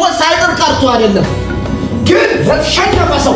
መሞት ሳይቀር ቀርቶ አይደለም፣ ግን ለተሸነፈ ሰው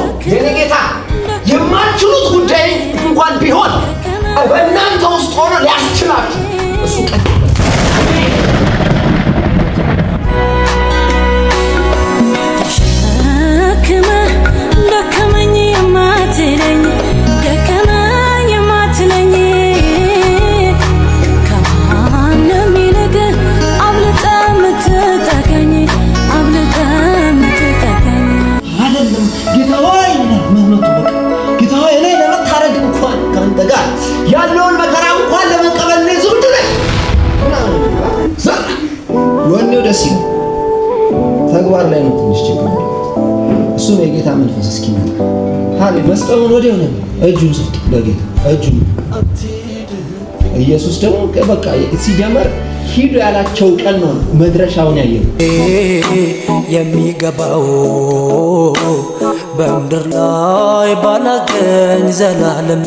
ያለውን መከራ እንኳን ለመቀበል ነው ዝምድ ነኝ። ወኔው ደስ ይላል፣ ተግባር ላይ ነው ትንሽ ችግር ያለው። እሱም የጌታ መንፈስ እስኪመጣ መስቀሉን ወዲያው ነው እጁን ሰጥ ለጌታ እጁን ኢየሱስ ደግሞ በቃ ሲጀመር ሂዱ ያላቸው ቀን ነው መድረሻውን ያየው። የሚገባው በምድር ላይ ባላገኝ ዘላለም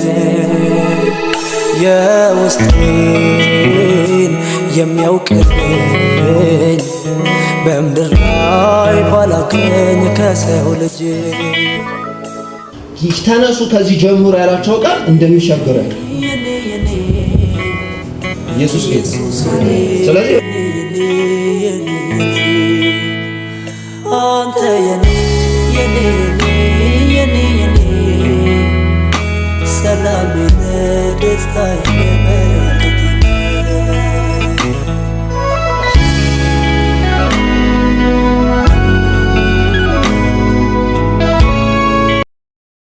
የውስጤን የሚያውቅልኝ በምድር ላይ ባላገኝ ከሰው ልጅ ተነሱ ከዚህ ጀምሮ ያላቸው ቃል እንደሚሻገር ኢየሱስ ጌታ። ስለዚህ አንተ የኔ የኔ የኔ የኔ ሰላም ደስታ